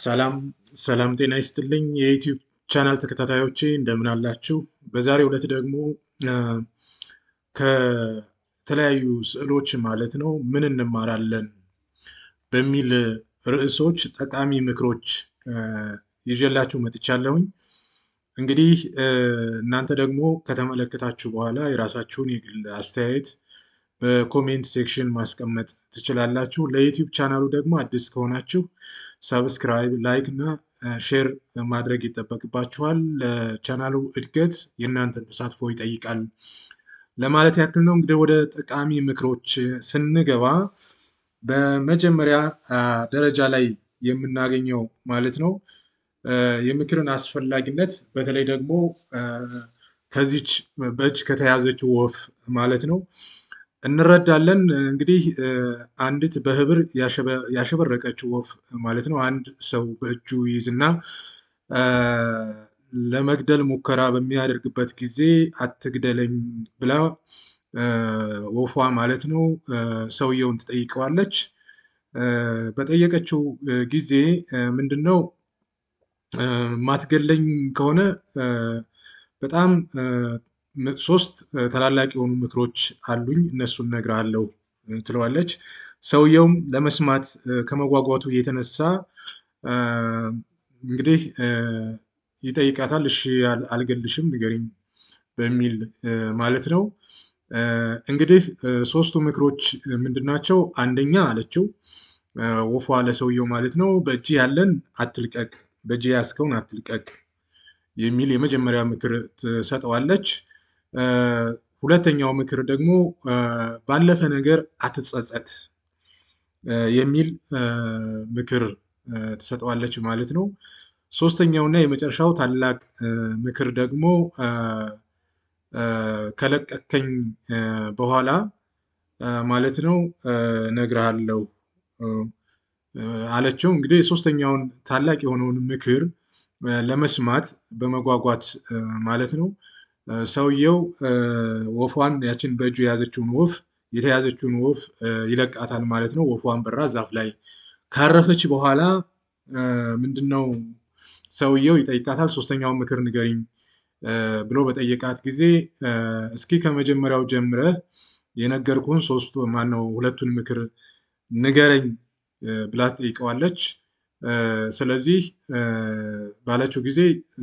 ሰላም ሰላም፣ ጤና ይስጥልኝ የዩቲዩብ ቻናል ተከታታዮቼ እንደምን አላችሁ? በዛሬው ዕለት ደግሞ ከተለያዩ ስዕሎች ማለት ነው ምን እንማራለን በሚል ርዕሶች ጠቃሚ ምክሮች ይዤላችሁ መጥቻለሁኝ። እንግዲህ እናንተ ደግሞ ከተመለከታችሁ በኋላ የራሳችሁን የግል አስተያየት በኮሜንት ሴክሽን ማስቀመጥ ትችላላችሁ። ለዩቲዩብ ቻናሉ ደግሞ አዲስ ከሆናችሁ ሰብስክራይብ፣ ላይክ እና ሼር ማድረግ ይጠበቅባችኋል። ለቻናሉ እድገት የእናንተን ተሳትፎ ይጠይቃል ለማለት ያክል ነው። እንግዲህ ወደ ጠቃሚ ምክሮች ስንገባ በመጀመሪያ ደረጃ ላይ የምናገኘው ማለት ነው የምክርን አስፈላጊነት በተለይ ደግሞ ከዚች በእጅ ከተያዘችው ወፍ ማለት ነው እንረዳለን። እንግዲህ አንዲት በህብር ያሸበረቀችው ወፍ ማለት ነው። አንድ ሰው በእጁ ይይዝና ለመግደል ሙከራ በሚያደርግበት ጊዜ አትግደለኝ ብላ ወፏ ማለት ነው ሰውየውን ትጠይቀዋለች። በጠየቀችው ጊዜ ምንድን ነው ማትገለኝ ከሆነ በጣም ሶስት ታላላቅ የሆኑ ምክሮች አሉኝ እነሱን እነግርሃለሁ ትለዋለች። ሰውየውም ለመስማት ከመጓጓቱ የተነሳ እንግዲህ ይጠይቃታል። እሺ አልገልሽም፣ ንገሪኝ በሚል ማለት ነው። እንግዲህ ሶስቱ ምክሮች ምንድን ናቸው? አንደኛ አለችው ወፏ ለሰውየው ማለት ነው፣ በእጅ ያለን አትልቀቅ፣ በእጅ ያስከውን አትልቀቅ የሚል የመጀመሪያ ምክር ትሰጠዋለች። ሁለተኛው ምክር ደግሞ ባለፈ ነገር አትጸጸት የሚል ምክር ትሰጠዋለች ማለት ነው። ሶስተኛውና የመጨረሻው ታላቅ ምክር ደግሞ ከለቀከኝ በኋላ ማለት ነው ነግርሃለሁ አለችው። እንግዲህ የሶስተኛውን ታላቅ የሆነውን ምክር ለመስማት በመጓጓት ማለት ነው ሰውየው ወፏን ያችን በእጁ የያዘችውን ወፍ የተያዘችውን ወፍ ይለቃታል ማለት ነው። ወፏን በራ ዛፍ ላይ ካረፈች በኋላ ምንድነው ሰውየው ይጠይቃታል። ሶስተኛውን ምክር ንገሪኝ ብሎ በጠየቃት ጊዜ እስኪ ከመጀመሪያው ጀምረ የነገርኩህን ሶስቱ ማነው ሁለቱን ምክር ንገረኝ ብላ ትጠይቀዋለች። ስለዚህ ባለችው ጊዜ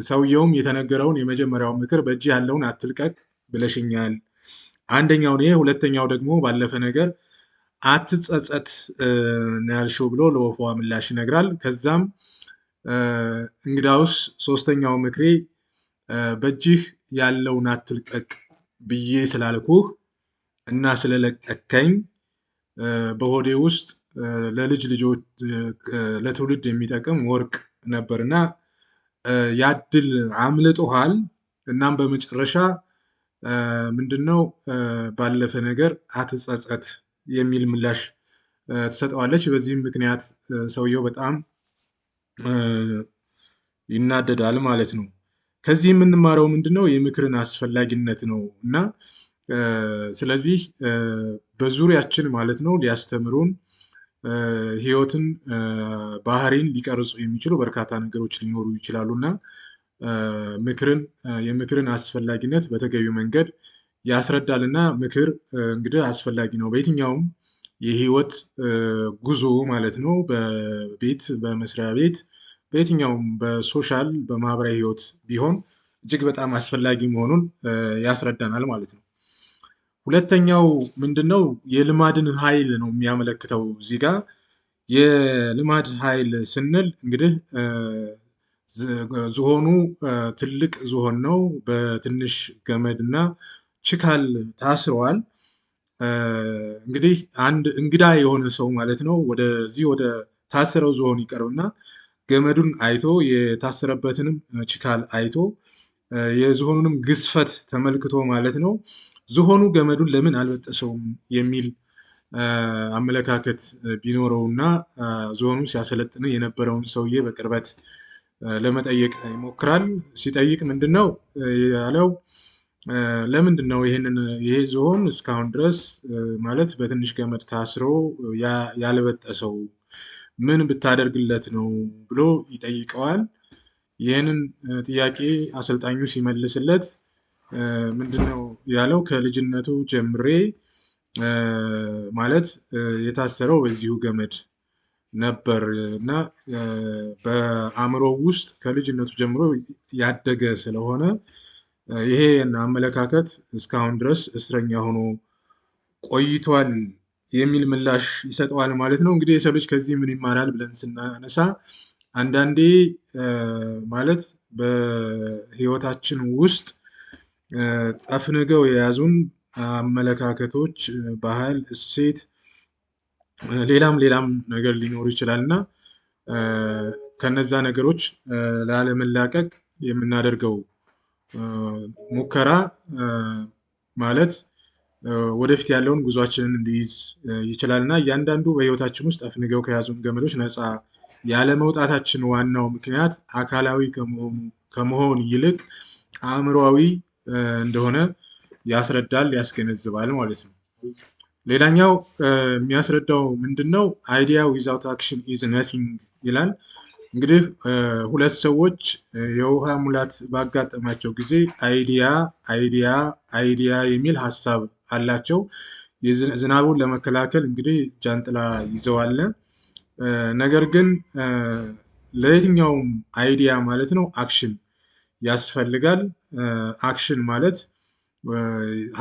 ሰውየውም የተነገረውን የመጀመሪያውን ምክር በእጅ ያለውን አትልቀቅ ብለሽኛል። አንደኛው ይሄ፣ ሁለተኛው ደግሞ ባለፈ ነገር አትጸጸት ነው ያልሽው ብሎ ለወፏ ምላሽ ይነግራል። ከዛም እንግዳውስ ሶስተኛው ምክሬ በእጅህ ያለውን አትልቀቅ ብዬ ስላልኩህ እና ስለለቀከኝ በሆዴ ውስጥ ለልጅ ልጆች ለትውልድ የሚጠቅም ወርቅ ነበር እና ያድል አምልጦሃል። እናም በመጨረሻ ምንድነው ባለፈ ነገር አትጸጸት የሚል ምላሽ ትሰጠዋለች። በዚህም ምክንያት ሰውየው በጣም ይናደዳል ማለት ነው። ከዚህ የምንማረው ምንድነው የምክርን አስፈላጊነት ነው እና ስለዚህ በዙሪያችን ማለት ነው ሊያስተምሩን ህይወትን ባህሪን ሊቀርጹ የሚችሉ በርካታ ነገሮች ሊኖሩ ይችላሉ እና ምክርን የምክርን አስፈላጊነት በተገቢው መንገድ ያስረዳል እና ምክር እንግዲህ አስፈላጊ ነው በየትኛውም የህይወት ጉዞ ማለት ነው። በቤት በመስሪያ ቤት በየትኛውም በሶሻል በማህበራዊ ህይወት ቢሆን እጅግ በጣም አስፈላጊ መሆኑን ያስረዳናል ማለት ነው ሁለተኛው ምንድነው? የልማድን ኃይል ነው የሚያመለክተው እዚህ የልማድ ኃይል ስንል እንግዲህ ዝሆኑ ትልቅ ዝሆን ነው። በትንሽ ገመድ እና ችካል ታስረዋል። እንግዲህ አንድ እንግዳ የሆነ ሰው ማለት ነው ወደዚህ ወደ ታስረው ዝሆን ይቀርብና ገመዱን አይቶ የታሰረበትንም ችካል አይቶ የዝሆኑንም ግዝፈት ተመልክቶ ማለት ነው ዝሆኑ ገመዱን ለምን አልበጠሰውም የሚል አመለካከት ቢኖረው እና ዝሆኑ ሲያሰለጥን የነበረውን ሰውዬ በቅርበት ለመጠየቅ ይሞክራል። ሲጠይቅ ምንድን ነው ያለው? ለምንድን ነው ይህንን ይሄ ዝሆን እስካሁን ድረስ ማለት በትንሽ ገመድ ታስሮ ያልበጠሰው ምን ብታደርግለት ነው ብሎ ይጠይቀዋል። ይህንን ጥያቄ አሰልጣኙ ሲመልስለት ምንድነው ያለው? ከልጅነቱ ጀምሬ ማለት የታሰረው በዚሁ ገመድ ነበር እና በአእምሮ ውስጥ ከልጅነቱ ጀምሮ ያደገ ስለሆነ ይሄ አመለካከት እስካሁን ድረስ እስረኛ ሆኖ ቆይቷል የሚል ምላሽ ይሰጠዋል ማለት ነው። እንግዲህ የሰው ልጅ ከዚህ ምን ይማራል ብለን ስናነሳ አንዳንዴ ማለት በህይወታችን ውስጥ ጠፍንገው የያዙን አመለካከቶች፣ ባህል፣ እሴት፣ ሌላም ሌላም ነገር ሊኖሩ ይችላል እና ከነዛ ነገሮች ላለመላቀቅ የምናደርገው ሙከራ ማለት ወደፊት ያለውን ጉዟችንን እንዲይዝ ይችላል እና እያንዳንዱ በህይወታችን ውስጥ አፍንገው ከያዙን ገመዶች ነፃ ያለመውጣታችን ዋናው ምክንያት አካላዊ ከመሆን ይልቅ አእምሯዊ እንደሆነ ያስረዳል፣ ያስገነዝባል ማለት ነው። ሌላኛው የሚያስረዳው ምንድን ነው? አይዲያ ዊዛውት አክሽን ኢዝ ነሲንግ ይላል። እንግዲህ ሁለት ሰዎች የውሃ ሙላት ባጋጠማቸው ጊዜ አይዲያ አይዲያ አይዲያ የሚል ሀሳብ አላቸው። ዝናቡን ለመከላከል እንግዲህ ጃንጥላ ይዘዋል። ነገር ግን ለየትኛውም አይዲያ ማለት ነው አክሽን ያስፈልጋል። አክሽን ማለት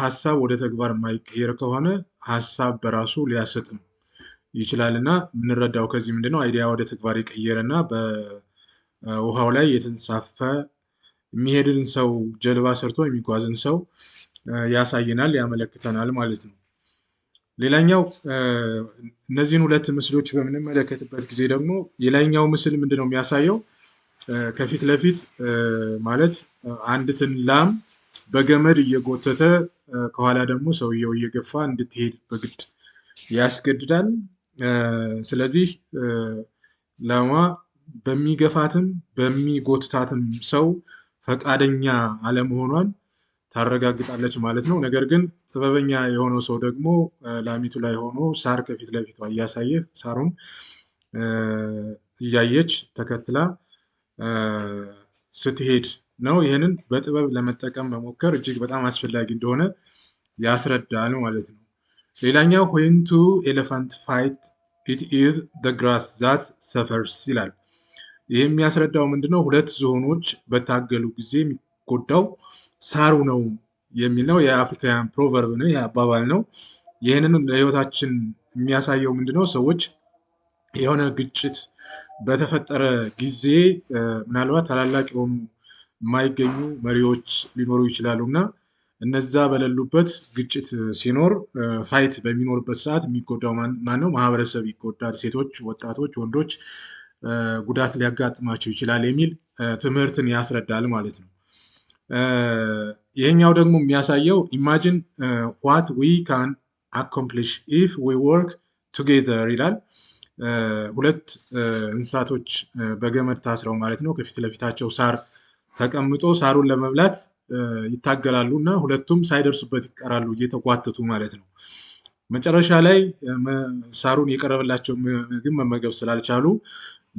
ሀሳብ ወደ ተግባር የማይቀየር ከሆነ ሀሳብ በራሱ ሊያሰጥም ይችላል እና የምንረዳው ከዚህ ምንድነው አይዲያ ወደ ተግባር የቀየረ እና በውሃው ላይ የተንሳፈ የሚሄድን ሰው ጀልባ ሰርቶ የሚጓዝን ሰው ያሳየናል፣ ያመለክተናል ማለት ነው። ሌላኛው እነዚህን ሁለት ምስሎች በምንመለከትበት ጊዜ ደግሞ የላይኛው ምስል ምንድነው የሚያሳየው ከፊት ለፊት ማለት አንዲትን ላም በገመድ እየጎተተ ከኋላ ደግሞ ሰውየው እየገፋ እንድትሄድ በግድ ያስገድዳል። ስለዚህ ላሟ በሚገፋትም በሚጎትታትም ሰው ፈቃደኛ አለመሆኗን ታረጋግጣለች ማለት ነው። ነገር ግን ጥበበኛ የሆነው ሰው ደግሞ ላሚቱ ላይ ሆኖ ሳር ከፊት ለፊቷ እያሳየ ሳሩን እያየች ተከትላ ስትሄድ ነው። ይህንን በጥበብ ለመጠቀም መሞከር እጅግ በጣም አስፈላጊ እንደሆነ ያስረዳል ማለት ነው። ሌላኛው ዌን ቱ ኤሌፋንት ፋይት ኢት ኢዝ ግራስ ዛት ሰፈርስ ይላል። ይህ የሚያስረዳው ምንድነው? ሁለት ዝሆኖች በታገሉ ጊዜ የሚጎዳው ሳሩ ነው የሚል ነው። የአፍሪካውያን ፕሮቨርብ ነው፣ አባባል ነው። ይህንን ለህይወታችን የሚያሳየው ምንድነው? ሰዎች የሆነ ግጭት በተፈጠረ ጊዜ ምናልባት ታላላቅ የሆኑ የማይገኙ መሪዎች ሊኖሩ ይችላሉ እና እነዛ በሌሉበት ግጭት ሲኖር ፋይት በሚኖርበት ሰዓት የሚጎዳው ማን ነው? ማህበረሰብ ይጎዳል። ሴቶች፣ ወጣቶች፣ ወንዶች ጉዳት ሊያጋጥማቸው ይችላል የሚል ትምህርትን ያስረዳል ማለት ነው። ይህኛው ደግሞ የሚያሳየው ኢማጂን ዋት ዊ ካን አኮምፕሊሽ ኢፍ ዊ ወርክ ቱጌዘር ይላል። ሁለት እንስሳቶች በገመድ ታስረው ማለት ነው ከፊት ለፊታቸው ሳር ተቀምጦ ሳሩን ለመብላት ይታገላሉ እና ሁለቱም ሳይደርሱበት ይቀራሉ እየተጓተቱ ማለት ነው። መጨረሻ ላይ ሳሩን የቀረበላቸው ምግብ መመገብ ስላልቻሉ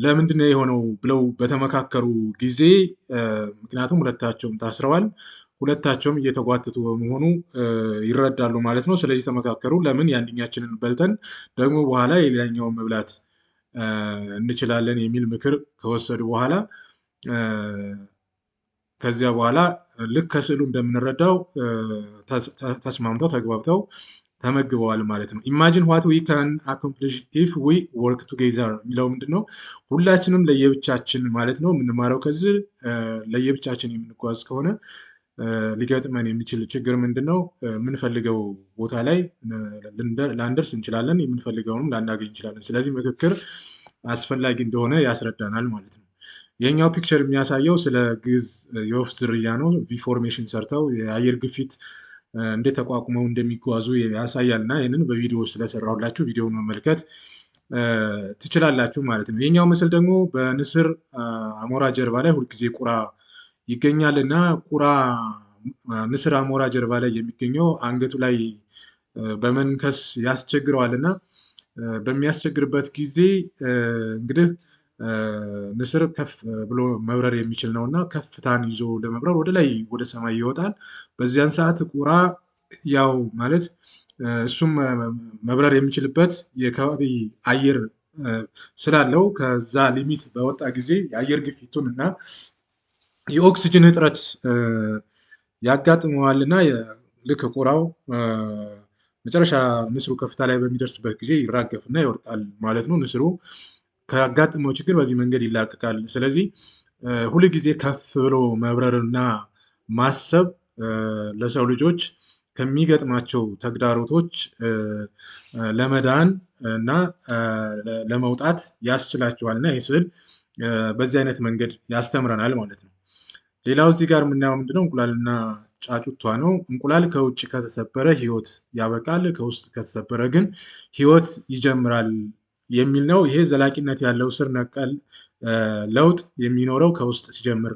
ለምንድነው የሆነው ብለው በተመካከሩ ጊዜ ምክንያቱም ሁለታቸውም ታስረዋል ሁለታቸውም እየተጓተቱ በመሆኑ ይረዳሉ ማለት ነው። ስለዚህ ተመካከሩ። ለምን የአንድኛችንን በልተን ደግሞ በኋላ የሌላኛውን መብላት እንችላለን የሚል ምክር ከወሰዱ በኋላ ከዚያ በኋላ ልክ ከስዕሉ እንደምንረዳው ተስማምተው ተግባብተው ተመግበዋል ማለት ነው። ኢማጂን ዋት ዊ ካን አኮምፕሊሽ ኢፍ ዊ ወርክ ቱጌዘር የሚለው ምንድን ነው? ሁላችንም ለየብቻችን ማለት ነው የምንማረው ከዚህ ለየብቻችን የምንጓዝ ከሆነ ሊገጥመን የሚችል ችግር ምንድን ነው? የምንፈልገው ቦታ ላይ ላንደርስ እንችላለን፣ የምንፈልገውንም ላናገኝ እንችላለን። ስለዚህ ምክክር አስፈላጊ እንደሆነ ያስረዳናል ማለት ነው። የኛው ፒክቸር የሚያሳየው ስለ ግዕዝ የወፍ ዝርያ ነው። ቪፎርሜሽን ሰርተው የአየር ግፊት እንዴት ተቋቁመው እንደሚጓዙ ያሳያል እና ይህንን በቪዲዮ ስለሰራሁላችሁ ቪዲዮውን መመልከት ትችላላችሁ ማለት ነው። የኛው ምስል ደግሞ በንስር አሞራ ጀርባ ላይ ሁልጊዜ ቁራ ይገኛል እና ቁራ ንስር አሞራ ጀርባ ላይ የሚገኘው አንገቱ ላይ በመንከስ ያስቸግረዋል እና በሚያስቸግርበት ጊዜ እንግዲህ ንስር ከፍ ብሎ መብረር የሚችል ነው እና ከፍታን ይዞ ለመብረር ወደ ላይ ወደ ሰማይ ይወጣል። በዚያን ሰዓት ቁራ ያው ማለት እሱም መብረር የሚችልበት የከባቢ አየር ስላለው ከዛ ሊሚት በወጣ ጊዜ የአየር ግፊቱን እና የኦክሲጅን እጥረት ያጋጥመዋል እና ልክ ቁራው መጨረሻ ንስሩ ከፍታ ላይ በሚደርስበት ጊዜ ይራገፍና ይወድቃል ማለት ነው። ንስሩ ከአጋጥመው ችግር በዚህ መንገድ ይላቀቃል። ስለዚህ ሁል ጊዜ ከፍ ብሎ መብረርና ማሰብ ለሰው ልጆች ከሚገጥማቸው ተግዳሮቶች ለመዳን እና ለመውጣት ያስችላቸዋል እና ይህ ስዕል በዚህ አይነት መንገድ ያስተምረናል ማለት ነው። ሌላው እዚህ ጋር የምናየው ምንድነው እንቁላልና ጫጩቷ ነው። እንቁላል ከውጭ ከተሰበረ ህይወት ያበቃል፣ ከውስጥ ከተሰበረ ግን ህይወት ይጀምራል የሚል ነው። ይሄ ዘላቂነት ያለው ስር ነቀል ለውጥ የሚኖረው ከውስጥ ሲጀምር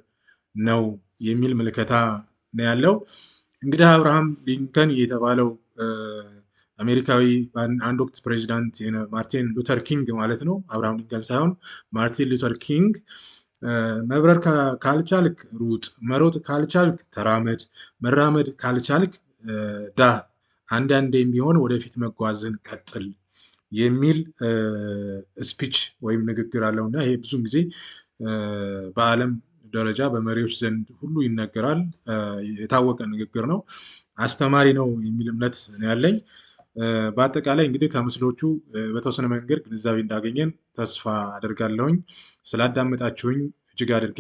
ነው የሚል ምልከታ ነው ያለው። እንግዲህ አብርሃም ሊንከን የተባለው አሜሪካዊ አንድ ወቅት ፕሬዚዳንት ማርቲን ሉተር ኪንግ ማለት ነው። አብርሃም ሊንከን ሳይሆን ማርቲን ሉተር ኪንግ መብረር ካልቻልክ ሩጥ፣ መሮጥ ካልቻልክ ተራመድ፣ መራመድ ካልቻልክ ዳ፣ አንዳንዴም ቢሆን ወደፊት መጓዝን ቀጥል የሚል ስፒች ወይም ንግግር አለው እና ይሄ ብዙን ጊዜ በዓለም ደረጃ በመሪዎች ዘንድ ሁሉ ይነገራል። የታወቀ ንግግር ነው። አስተማሪ ነው የሚል እምነት ያለኝ በአጠቃላይ እንግዲህ ከምስሎቹ በተወሰነ መንገድ ግንዛቤ እንዳገኘን ተስፋ አደርጋለሁኝ። ስላዳመጣችሁኝ እጅግ አድርጌ